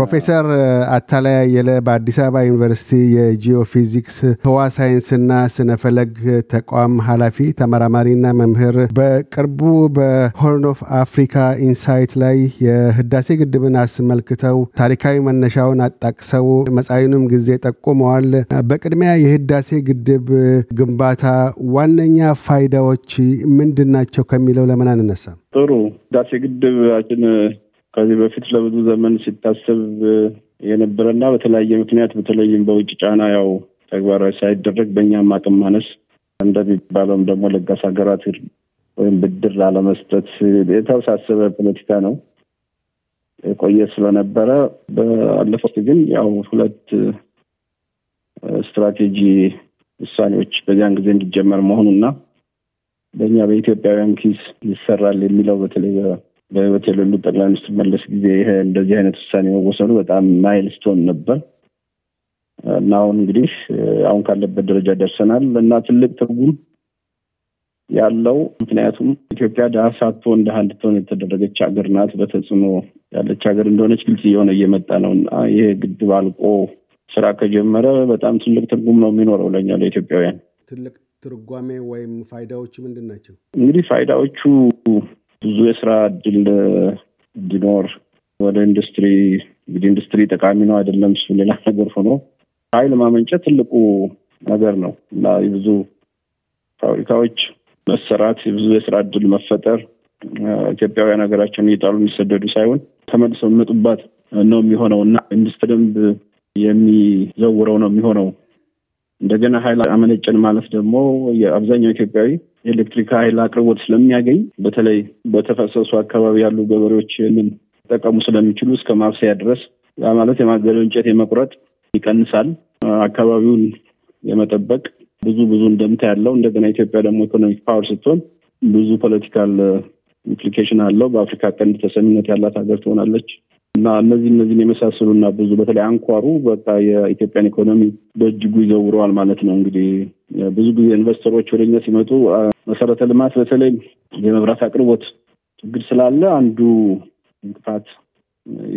ፕሮፌሰር አታላይ አየለ በአዲስ አበባ ዩኒቨርሲቲ የጂኦፊዚክስ ህዋ ሳይንስና ስነፈለግ ተቋም ኃላፊ ተመራማሪና መምህር፣ በቅርቡ በሆርን ኦፍ አፍሪካ ኢንሳይት ላይ የህዳሴ ግድብን አስመልክተው ታሪካዊ መነሻውን አጣቅሰው መጻኢውንም ጊዜ ጠቁመዋል። በቅድሚያ የህዳሴ ግድብ ግንባታ ዋነኛ ፋይዳዎች ምንድን ናቸው ከሚለው ለምን አንነሳም? ጥሩ ህዳሴ ግድባችን ከዚህ በፊት ለብዙ ዘመን ሲታሰብ የነበረና በተለያየ ምክንያት በተለይም በውጭ ጫና ያው ተግባራዊ ሳይደረግ በእኛም አቅም ማነስ እንደሚባለውም ደግሞ ለጋስ ሀገራት ወይም ብድር ላለመስጠት የተወሳሰበ ፖለቲካ ነው የቆየ ስለነበረ በአለፈው ግን ያው ሁለት ስትራቴጂ ውሳኔዎች በዚያን ጊዜ እንዲጀመር መሆኑና በእኛ በኢትዮጵያውያን ኪስ ይሰራል የሚለው በተለይ በህይወት የሌሉት ጠቅላይ ሚኒስትር መለስ ጊዜ ይሄ እንደዚህ አይነት ውሳኔ መወሰኑ በጣም ማይልስቶን ነበር እና አሁን እንግዲህ አሁን ካለበት ደረጃ ደርሰናል እና ትልቅ ትርጉም ያለው ምክንያቱም ኢትዮጵያ ድሀ ሳትሆን ድሀ እንድትሆን የተደረገች ሀገር ናት። በተጽዕኖ ያለች ሀገር እንደሆነች ግልጽ እየሆነ እየመጣ ነው እና ይሄ ግድብ አልቆ ስራ ከጀመረ በጣም ትልቅ ትርጉም ነው የሚኖረው ለኛ ለኢትዮጵያውያን። ትልቅ ትርጓሜ ወይም ፋይዳዎቹ ምንድን ናቸው? እንግዲህ ፋይዳዎቹ ብዙ የስራ እድል እንዲኖር ወደ ኢንዱስትሪ እንግዲህ ኢንዱስትሪ ጠቃሚ ነው አይደለም፣ እሱ ሌላ ነገር ሆኖ ኃይል ማመንጨት ትልቁ ነገር ነው እና የብዙ ፋብሪካዎች መሰራት፣ የብዙ የስራ እድል መፈጠር ኢትዮጵያውያን ሀገራቸውን እየጣሉ የሚሰደዱ ሳይሆን ተመልሰው የሚመጡባት ነው የሚሆነው እና ኢንዱስትሪ ደንብ የሚዘውረው ነው የሚሆነው። እንደገና ኃይል አመነጨን ማለት ደግሞ የአብዛኛው ኢትዮጵያዊ ኤሌክትሪክ ኃይል አቅርቦት ስለሚያገኝ በተለይ በተፈሰሱ አካባቢ ያሉ ገበሬዎች ይህንን ጠቀሙ ስለሚችሉ እስከ ማብሰያ ድረስ ያ ማለት የማገዶ እንጨት የመቁረጥ ይቀንሳል። አካባቢውን የመጠበቅ ብዙ ብዙ እንደምታ ያለው እንደገና ኢትዮጵያ ደግሞ ኢኮኖሚክ ፓወር ስትሆን ብዙ ፖለቲካል ኢምፕሊኬሽን አለው። በአፍሪካ ቀንድ ተሰሚነት ያላት ሀገር ትሆናለች። እና እነዚህ እነዚህን እና ብዙ በተለይ አንኳሩ በቃ የኢትዮጵያን ኢኮኖሚ በእጅጉ ይዘውረዋል ማለት ነው። እንግዲህ ብዙ ጊዜ ኢንቨስተሮች ወደ እኛ ሲመጡ መሰረተ ልማት በተለይ የመብራት አቅርቦት ችግር ስላለ አንዱ እንቅፋት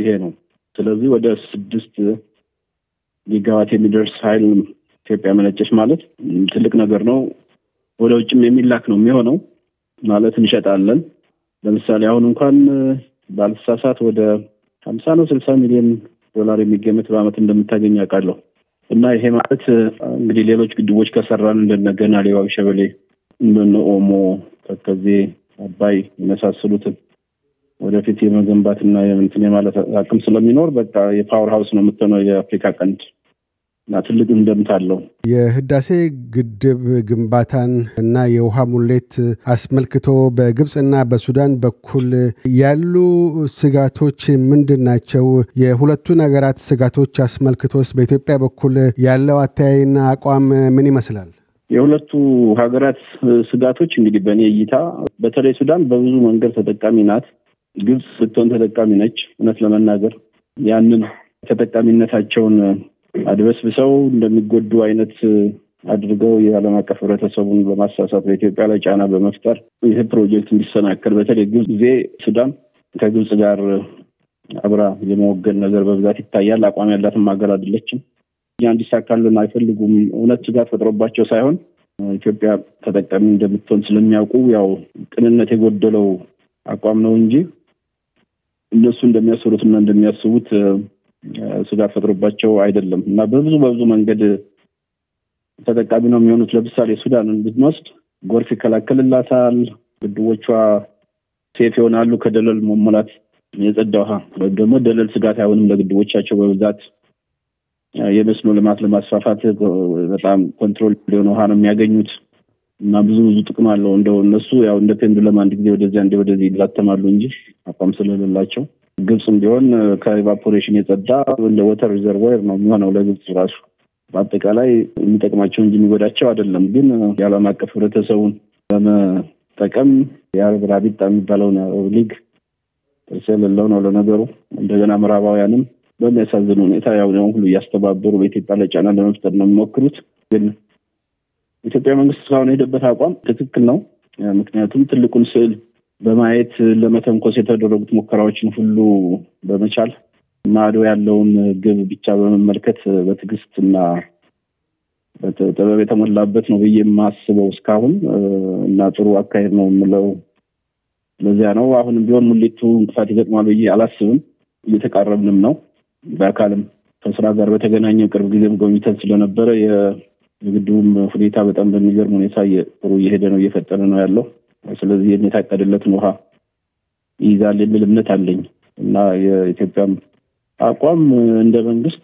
ይሄ ነው። ስለዚህ ወደ ስድስት ጊጋዋት የሚደርስ ኃይል ኢትዮጵያ መነጨች ማለት ትልቅ ነገር ነው። ወደ ውጭም የሚላክ ነው የሚሆነው ማለት እንሸጣለን። ለምሳሌ አሁን እንኳን ባልተሳሳት ወደ ሀምሳ ነው ስልሳ ሚሊዮን ዶላር የሚገመት በአመት እንደምታገኝ አውቃለሁ። እና ይሄ ማለት እንግዲህ ሌሎች ግድቦች ከሰራን እንደነገና ሌዋዊ ሸበሌ እንደነ ኦሞ፣ ተከዜ፣ አባይ የመሳሰሉትን ወደፊት የመገንባትና የምንትን የማለት አቅም ስለሚኖር በቃ የፓወር ሀውስ ነው የምትሆነው የአፍሪካ ቀንድ። እና ትልቅ እንደምታ አለው። የህዳሴ ግድብ ግንባታን እና የውሃ ሙሌት አስመልክቶ በግብፅና በሱዳን በኩል ያሉ ስጋቶች ምንድን ናቸው? የሁለቱን ሀገራት ስጋቶች አስመልክቶስ በኢትዮጵያ በኩል ያለው አተያይና አቋም ምን ይመስላል? የሁለቱ ሀገራት ስጋቶች እንግዲህ በእኔ እይታ በተለይ ሱዳን በብዙ መንገድ ተጠቃሚ ናት። ግብፅ ብትሆን ተጠቃሚ ነች። እውነት ለመናገር ያንን ተጠቃሚነታቸውን አድበስብሰው እንደሚጎዱ አይነት አድርገው የዓለም አቀፍ ህብረተሰቡን በማሳሳት በኢትዮጵያ ላይ ጫና በመፍጠር ይህ ፕሮጀክት እንዲሰናከል በተለይ ግብጽ ጊዜ ሱዳን ከግብፅ ጋር አብራ የመወገን ነገር በብዛት ይታያል። አቋም ያላትም ሀገር አይደለችም። እኛ እንዲሳካልን አይፈልጉም። እውነት ስጋት ፈጥሮባቸው ሳይሆን ኢትዮጵያ ተጠቃሚ እንደምትሆን ስለሚያውቁ ያው ቅንነት የጎደለው አቋም ነው እንጂ እነሱ እንደሚያስሩትና እንደሚያስቡት ስጋት ፈጥሮባቸው አይደለም እና በብዙ በብዙ መንገድ ተጠቃሚ ነው የሚሆኑት። ለምሳሌ ሱዳንን ብንወስድ ጎርፍ ይከላከልላታል፣ ግድቦቿ ሴፍ ይሆናሉ፣ ከደለል መሞላት የጸዳ ውሃ ወይም ደግሞ ደለል ስጋት አይሆንም ለግድቦቻቸው በብዛት የመስኖ ልማት ለማስፋፋት በጣም ኮንትሮል ሊሆን ውሃ ነው የሚያገኙት እና ብዙ ብዙ ጥቅም አለው። እንደው እነሱ ያው እንደ ፔንዱለም አንድ ጊዜ ወደዚያ እንደ ወደዚህ ይላተማሉ እንጂ አቋም ስለሌላቸው ግብፅም ቢሆን ከኢቫፖሬሽን የጸዳ እንደ ወተር ሪዘርቮየር ነው የሚሆነው ለግብፅ ራሱ በአጠቃላይ የሚጠቅማቸው እንጂ የሚጎዳቸው አይደለም። ግን የዓለም አቀፍ ህብረተሰቡን በመጠቀም የአረብ ራቢጣ የሚባለውን የአረብ ሊግ ጥርስ የሌለው ነው ለነገሩ። እንደገና ምዕራባውያንም በሚያሳዝን ሁኔታ ያው ሁሉ እያስተባበሩ በኢትዮጵያ ላይ ጫና ለመፍጠር ነው የሚሞክሩት። ግን ኢትዮጵያ መንግስት እስካሁን የሄደበት አቋም ትክክል ነው። ምክንያቱም ትልቁን ስዕል በማየት ለመተንኮስ የተደረጉት ሙከራዎችን ሁሉ በመቻል ማዶ ያለውን ግብ ብቻ በመመልከት በትዕግስትና ጥበብ የተሞላበት ነው ብዬ የማስበው እስካሁን እና ጥሩ አካሄድ ነው የምለው ለዚያ ነው። አሁንም ቢሆን ሙሌቱ እንቅፋት ይገጥማል ብዬ አላስብም። እየተቃረብንም ነው። በአካልም ከስራ ጋር በተገናኘ ቅርብ ጊዜም ጎብኝተን ስለነበረ የግድቡም ሁኔታ በጣም በሚገርም ሁኔታ ጥሩ እየሄደ ነው፣ እየፈጠነ ነው ያለው። ስለዚህ የታቀደለትን ውሃ ይይዛል የሚል እምነት አለኝ እና የኢትዮጵያም አቋም እንደ መንግስት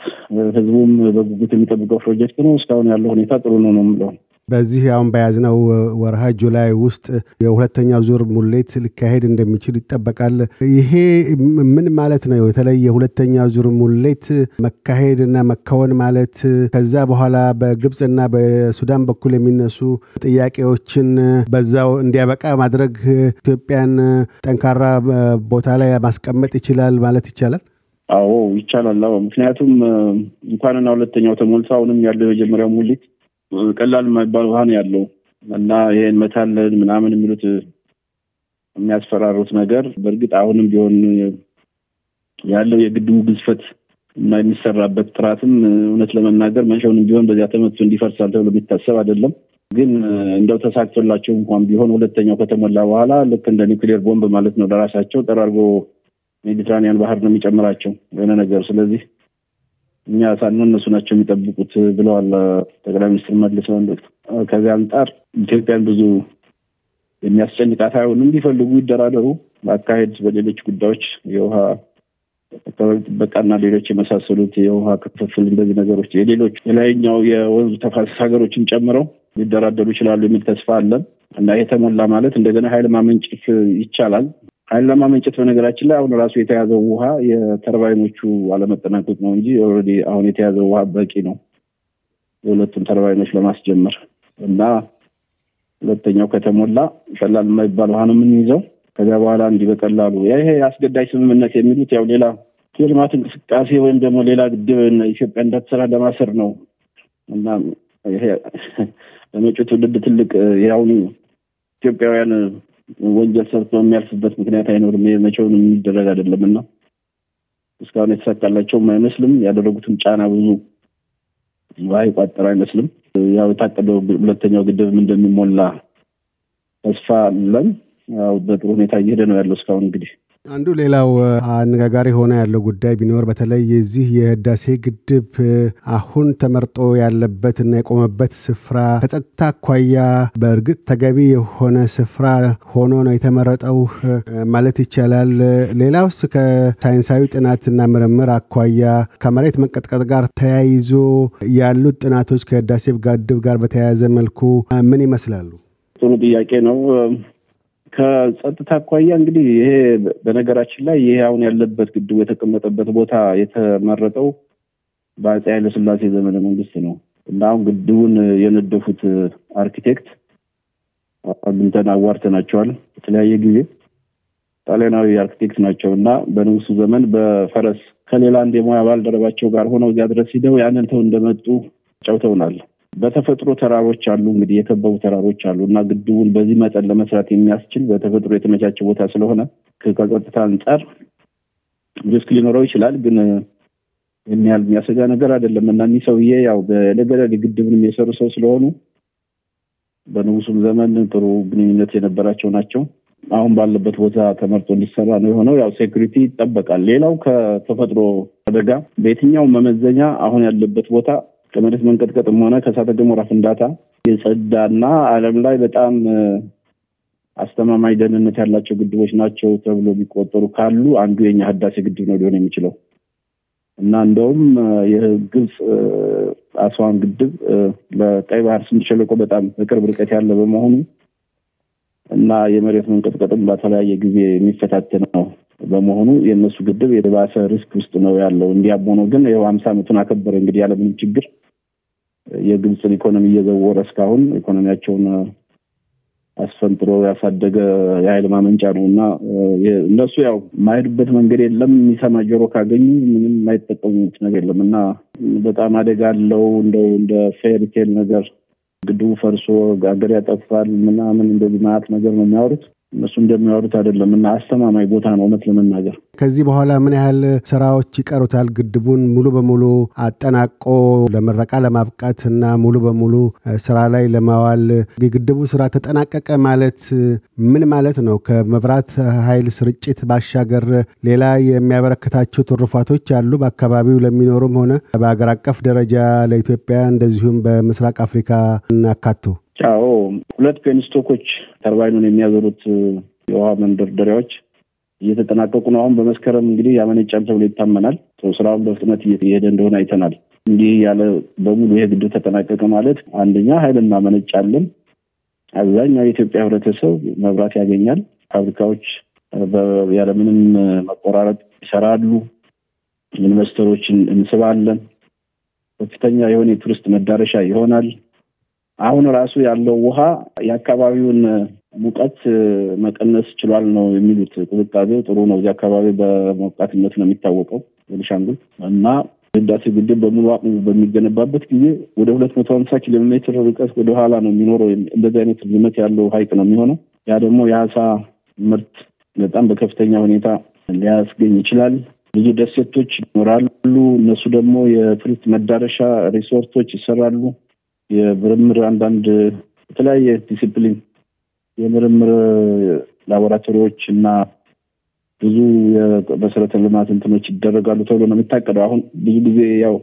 ህዝቡም በጉጉት የሚጠብቀው ፕሮጀክት ነው። እስካሁን ያለው ሁኔታ ጥሩ ነው ነው የምለው። በዚህ አሁን በያዝነው ወርሃ ጁላይ ውስጥ የሁለተኛ ዙር ሙሌት ሊካሄድ እንደሚችል ይጠበቃል። ይሄ ምን ማለት ነው? የተለይ የሁለተኛ ዙር ሙሌት መካሄድና መከወን ማለት ከዛ በኋላ በግብፅና በሱዳን በኩል የሚነሱ ጥያቄዎችን በዛው እንዲያበቃ ማድረግ ኢትዮጵያን ጠንካራ ቦታ ላይ ማስቀመጥ ይችላል ማለት ይቻላል። አዎ ይቻላል። አዎ ምክንያቱም እንኳንና ሁለተኛው ተሞልቶ አሁንም ያለው የመጀመሪያው ሙሊት ቀላል የማይባል ውሃ ነው ያለው እና ይሄን መታለን ምናምን የሚሉት የሚያስፈራሩት ነገር በእርግጥ አሁንም ቢሆን ያለው የግድቡ ግዝፈት እና የሚሰራበት ጥራትም እውነት ለመናገር መንሸውንም ቢሆን በዚያ ተመቶ እንዲፈርሳል ተብሎ የሚታሰብ አይደለም። ግን እንደው ተሳክቶላቸው እንኳን ቢሆን ሁለተኛው ከተሞላ በኋላ ልክ እንደ ኒውክሌር ቦምብ ማለት ነው ለራሳቸው ጠራርጎ ሜዲትራኒያን ባህር ነው የሚጨምራቸው የሆነ ነገር ስለዚህ እኛ ሳንሆን እነሱ ናቸው የሚጠብቁት ብለዋል ጠቅላይ ሚኒስትር መለስ አንድ ወቅት። ከዚህ አንጻር ኢትዮጵያን ብዙ የሚያስጨንቃት አይሆንም። ቢፈልጉ ይደራደሩ። በአካሄድ በሌሎች ጉዳዮች የውሃ አካባቢ ጥበቃና ሌሎች የመሳሰሉት የውሃ ክፍፍል፣ እንደዚህ ነገሮች የሌሎች የላይኛው የወንዙ ተፋሰስ ሀገሮችን ጨምረው ሊደራደሩ ይችላሉ የሚል ተስፋ አለን እና የተሞላ ማለት እንደገና ኃይል ማመንጨት ይቻላል። ኃይል ለማመንጨት በነገራችን ላይ አሁን ራሱ የተያዘው ውሃ የተርባይኖቹ አለመጠናቀቅ ነው እንጂ ኦልሬዲ አሁን የተያዘው ውሃ በቂ ነው የሁለቱም ተርባይኖች ለማስጀመር እና ሁለተኛው ከተሞላ ቀላል የማይባል ውሃ ነው የምንይዘው። ከዚያ በኋላ እንዲህ በቀላሉ ይሄ አስገዳጅ ስምምነት የሚሉት ያው ሌላ የልማት እንቅስቃሴ ወይም ደግሞ ሌላ ግድብ ኢትዮጵያ እንዳትሰራ ለማሰር ነው እና ይሄ ለመጪው ትውልድ ትልቅ የአሁኑ ኢትዮጵያውያን ወንጀል ሰርቶ የሚያልፍበት ምክንያት አይኖርም። ይሄ መቼውን የሚደረግ አይደለም እና እስካሁን የተሳካላቸውም አይመስልም። ያደረጉትም ጫና ብዙ ውሃ የቋጠረ አይመስልም። ያው የታቀደው ሁለተኛው ግድብም እንደሚሞላ ተስፋ አለን። ያው በጥሩ ሁኔታ እየሄደ ነው ያለው እስካሁን እንግዲህ አንዱ ሌላው አነጋጋሪ ሆነ ያለው ጉዳይ ቢኖር በተለይ የዚህ የህዳሴ ግድብ አሁን ተመርጦ ያለበት እና የቆመበት ስፍራ ከጸጥታ አኳያ በእርግጥ ተገቢ የሆነ ስፍራ ሆኖ ነው የተመረጠው ማለት ይቻላል። ሌላውስ ከሳይንሳዊ ጥናትና ምርምር አኳያ ከመሬት መንቀጥቀጥ ጋር ተያይዞ ያሉት ጥናቶች ከህዳሴ ግድብ ጋር በተያያዘ መልኩ ምን ይመስላሉ? ጥሩ ጥያቄ ነው። ከጸጥታ አኳያ እንግዲህ ይሄ በነገራችን ላይ ይሄ አሁን ያለበት ግድቡ የተቀመጠበት ቦታ የተመረጠው በአፄ ኃይለስላሴ ዘመነ መንግስት ነው እና አሁን ግድቡን የነደፉት አርኪቴክት አግኝተን አዋርተናቸዋል። የተለያየ ጊዜ ጣሊያናዊ አርኪቴክት ናቸው እና በንጉሱ ዘመን በፈረስ ከሌላ አንድ የሙያ ባልደረባቸው ጋር ሆነው እዚያ ድረስ ሂደው ያንን ተው እንደመጡ ጨውተውናል። በተፈጥሮ ተራሮች አሉ እንግዲህ የከበቡ ተራሮች አሉ እና ግድቡን በዚህ መጠን ለመስራት የሚያስችል በተፈጥሮ የተመቻቸ ቦታ ስለሆነ ከጸጥታ አንጻር ሪስክ ሊኖረው ይችላል፣ ግን የሚያል የሚያሰጋ ነገር አይደለም እና እኒህ ሰውዬ ያው በለገዳድ ግድብንም የሰሩ ሰው ስለሆኑ በንጉሱም ዘመን ጥሩ ግንኙነት የነበራቸው ናቸው። አሁን ባለበት ቦታ ተመርጦ እንዲሰራ ነው የሆነው። ያው ሴኩሪቲ ይጠበቃል። ሌላው ከተፈጥሮ አደጋ በየትኛው መመዘኛ አሁን ያለበት ቦታ ከመሬት መንቀጥቀጥም ሆነ ከእሳተ ገሞራ ፍንዳታ የጸዳና ዓለም ላይ በጣም አስተማማኝ ደህንነት ያላቸው ግድቦች ናቸው ተብሎ የሚቆጠሩ ካሉ አንዱ የኛ ህዳሴ ግድብ ነው ሊሆን የሚችለው እና እንደውም የግብፅ አስዋን ግድብ ለቀይ ባህር ስምጥ ሸለቆ በጣም በቅርብ ርቀት ያለ በመሆኑ እና የመሬት መንቀጥቀጥም በተለያየ ጊዜ የሚፈታተን ነው በመሆኑ የእነሱ ግድብ የባሰ ሪስክ ውስጥ ነው ያለው። እንዲያም ሆኖ ግን ይኸው ሀምሳ ዓመቱን አከበረ እንግዲህ ያለምንም ችግር የግብፅን ኢኮኖሚ እየዘወረ እስካሁን ኢኮኖሚያቸውን አስፈንጥሮ ያሳደገ የኃይል ማመንጫ ነው እና እነሱ ያው የማሄዱበት መንገድ የለም። የሚሰማ ጆሮ ካገኙ ምንም የማይጠቀሙት ነገር የለም እና በጣም አደጋ አለው። እንደው እንደ ፌርቴል ነገር ግድቡ ፈርሶ አገር ያጠፋል ምናምን እንደዚህ ማያት ነገር ነው የሚያወሩት። እነሱ እንደሚያወሩት አይደለም እና አስተማማኝ ቦታ ነው እውነት ለመናገር። ከዚህ በኋላ ምን ያህል ስራዎች ይቀሩታል? ግድቡን ሙሉ በሙሉ አጠናቆ ለምረቃ ለማብቃት እና ሙሉ በሙሉ ስራ ላይ ለማዋል የግድቡ ስራ ተጠናቀቀ ማለት ምን ማለት ነው? ከመብራት ኃይል ስርጭት ባሻገር ሌላ የሚያበረክታቸው ትሩፋቶች አሉ? በአካባቢው ለሚኖሩም ሆነ በአገር አቀፍ ደረጃ ለኢትዮጵያ እንደዚሁም በምስራቅ አፍሪካ እናካቱ ሁለት ፔንስቶኮች ተርባይኑን የሚያዞሩት የውሃ መንደርደሪያዎች እየተጠናቀቁ ነው። አሁን በመስከረም እንግዲህ ያመነጫም ተብሎ ይታመናል። ስራውን በፍጥነት እየሄደ እንደሆነ አይተናል። እንዲህ ያለ በሙሉ ይሄ ግድብ ተጠናቀቀ ማለት አንደኛ ኃይል እናመነጫለን። አብዛኛው የኢትዮጵያ ህብረተሰብ መብራት ያገኛል። ፋብሪካዎች ያለምንም መቆራረጥ ይሰራሉ። ኢንቨስተሮችን እንስባለን። ከፍተኛ የሆነ የቱሪስት መዳረሻ ይሆናል። አሁን ራሱ ያለው ውሃ የአካባቢውን ሙቀት መቀነስ ችሏል ነው የሚሉት። ቅዝቃዜው ጥሩ ነው። እዚህ አካባቢ በሞቃትነት ነው የሚታወቀው ቤኒሻንጉል እና ህዳሴ ግድብ በሙሉ አቅሙ በሚገነባበት ጊዜ ወደ ሁለት መቶ ሀምሳ ኪሎ ሜትር ርቀት ወደ ኋላ ነው የሚኖረው። እንደዚህ አይነት ርዝመት ያለው ሀይቅ ነው የሚሆነው። ያ ደግሞ የአሳ ምርት በጣም በከፍተኛ ሁኔታ ሊያስገኝ ይችላል። ብዙ ደሴቶች ይኖራሉ። እነሱ ደግሞ የቱሪስት መዳረሻ ሪሶርቶች ይሰራሉ። የምርምር አንዳንድ የተለያየ ዲሲፕሊን የምርምር ላቦራቶሪዎች እና ብዙ የመሰረተ ልማት እንትኖች ይደረጋሉ ተብሎ ነው የሚታቀደው። አሁን ብዙ ጊዜ ያው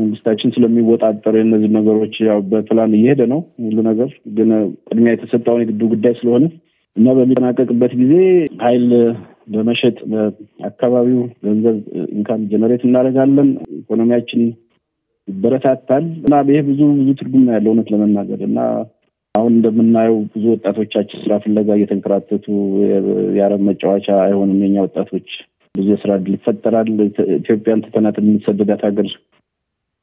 መንግስታችን ስለሚወጣጠር እነዚህ ነገሮች ያው በፕላን እየሄደ ነው ሁሉ ነገር ግን ቅድሚያ የተሰጠውን የግዱ ጉዳይ ስለሆነ እና በሚጠናቀቅበት ጊዜ ኃይል በመሸጥ በአካባቢው ገንዘብ ኢንካም ጀነሬት እናደርጋለን ኢኮኖሚያችን ይበረታታል እና ይሄ ብዙ ብዙ ትርጉም ያለው እውነት ለመናገር እና አሁን እንደምናየው ብዙ ወጣቶቻችን ስራ ፍለጋ እየተንከራተቱ የአረብ መጫወቻ አይሆንም። የኛ ወጣቶች ብዙ የስራ እድል ይፈጠራል። ኢትዮጵያን ትተናት የምንሰደዳት ሀገር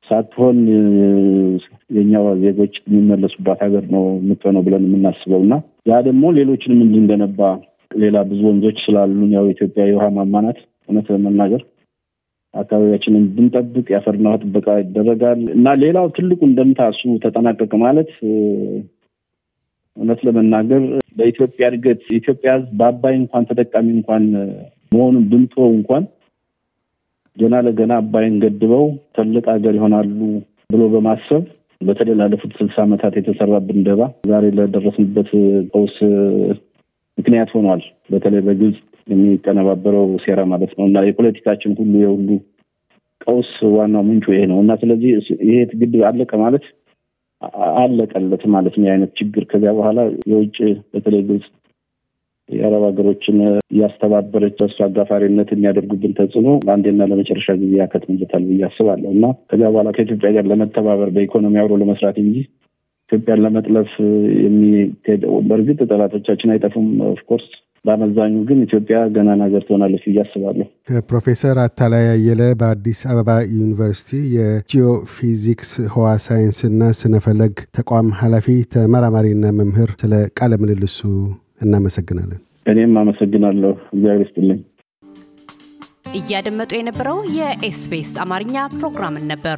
ሳትሆን የኛ ዜጎች የሚመለሱባት ሀገር ነው የምትሆነው ብለን የምናስበው እና ያ ደግሞ ሌሎችንም እንድንገነባ ሌላ ብዙ ወንዞች ስላሉን ያው ኢትዮጵያ የውሃ ማማናት እውነት ለመናገር አካባቢያችንን ብንጠብቅ የአፈርና ውሃ ጥበቃ ይደረጋል እና ሌላው ትልቁ እንደምታ እሱ ተጠናቀቀ ማለት እውነት ለመናገር በኢትዮጵያ እድገት ኢትዮጵያ ሕዝብ በአባይ እንኳን ተጠቃሚ እንኳን መሆኑን ብንተወው እንኳን ገና ለገና አባይን ገድበው ትልቅ ሀገር ይሆናሉ ብሎ በማሰብ በተለይ ላለፉት ስልሳ ዓመታት የተሰራብን ደባ ዛሬ ለደረስንበት ቀውስ ምክንያት ሆኗል። በተለይ በግልጽ የሚቀነባበረው ሴራ ማለት ነው እና የፖለቲካችን ሁሉ የሁሉ ቀውስ ዋናው ምንጩ ይሄ ነው እና ስለዚህ ይሄ ግድብ አለቀ ማለት አለቀለት ማለት ነው የአይነት ችግር ከዚያ በኋላ የውጭ በተለይ ግብጽ የአረብ ሀገሮችን እያስተባበረች እሱ አጋፋሪነት የሚያደርጉብን ተጽዕኖ ለአንዴና ለመጨረሻ ጊዜ ያከትምበታል ብዬ አስባለሁ እና ከዚያ በኋላ ከኢትዮጵያ ጋር ለመተባበር በኢኮኖሚ አብሮ ለመስራት እንጂ ኢትዮጵያን ለመጥለፍ የሚሄደው በእርግጥ ጠላቶቻችን አይጠፉም ኦፍኮርስ በአመዛኙ ግን ኢትዮጵያ ገና ሀገር ትሆናለች ብዬ አስባለሁ። ፕሮፌሰር አታላይ አየለ በአዲስ አበባ ዩኒቨርሲቲ የጂኦፊዚክስ ህዋ ሳይንስና ስነፈለግ ተቋም ኃላፊ ተመራማሪና መምህር፣ ስለ ቃለ ምልልሱ እናመሰግናለን። እኔም አመሰግናለሁ። እግዚአብሔር ይስጥልኝ። እያደመጡ የነበረው የኤስቢኤስ አማርኛ ፕሮግራምን ነበር።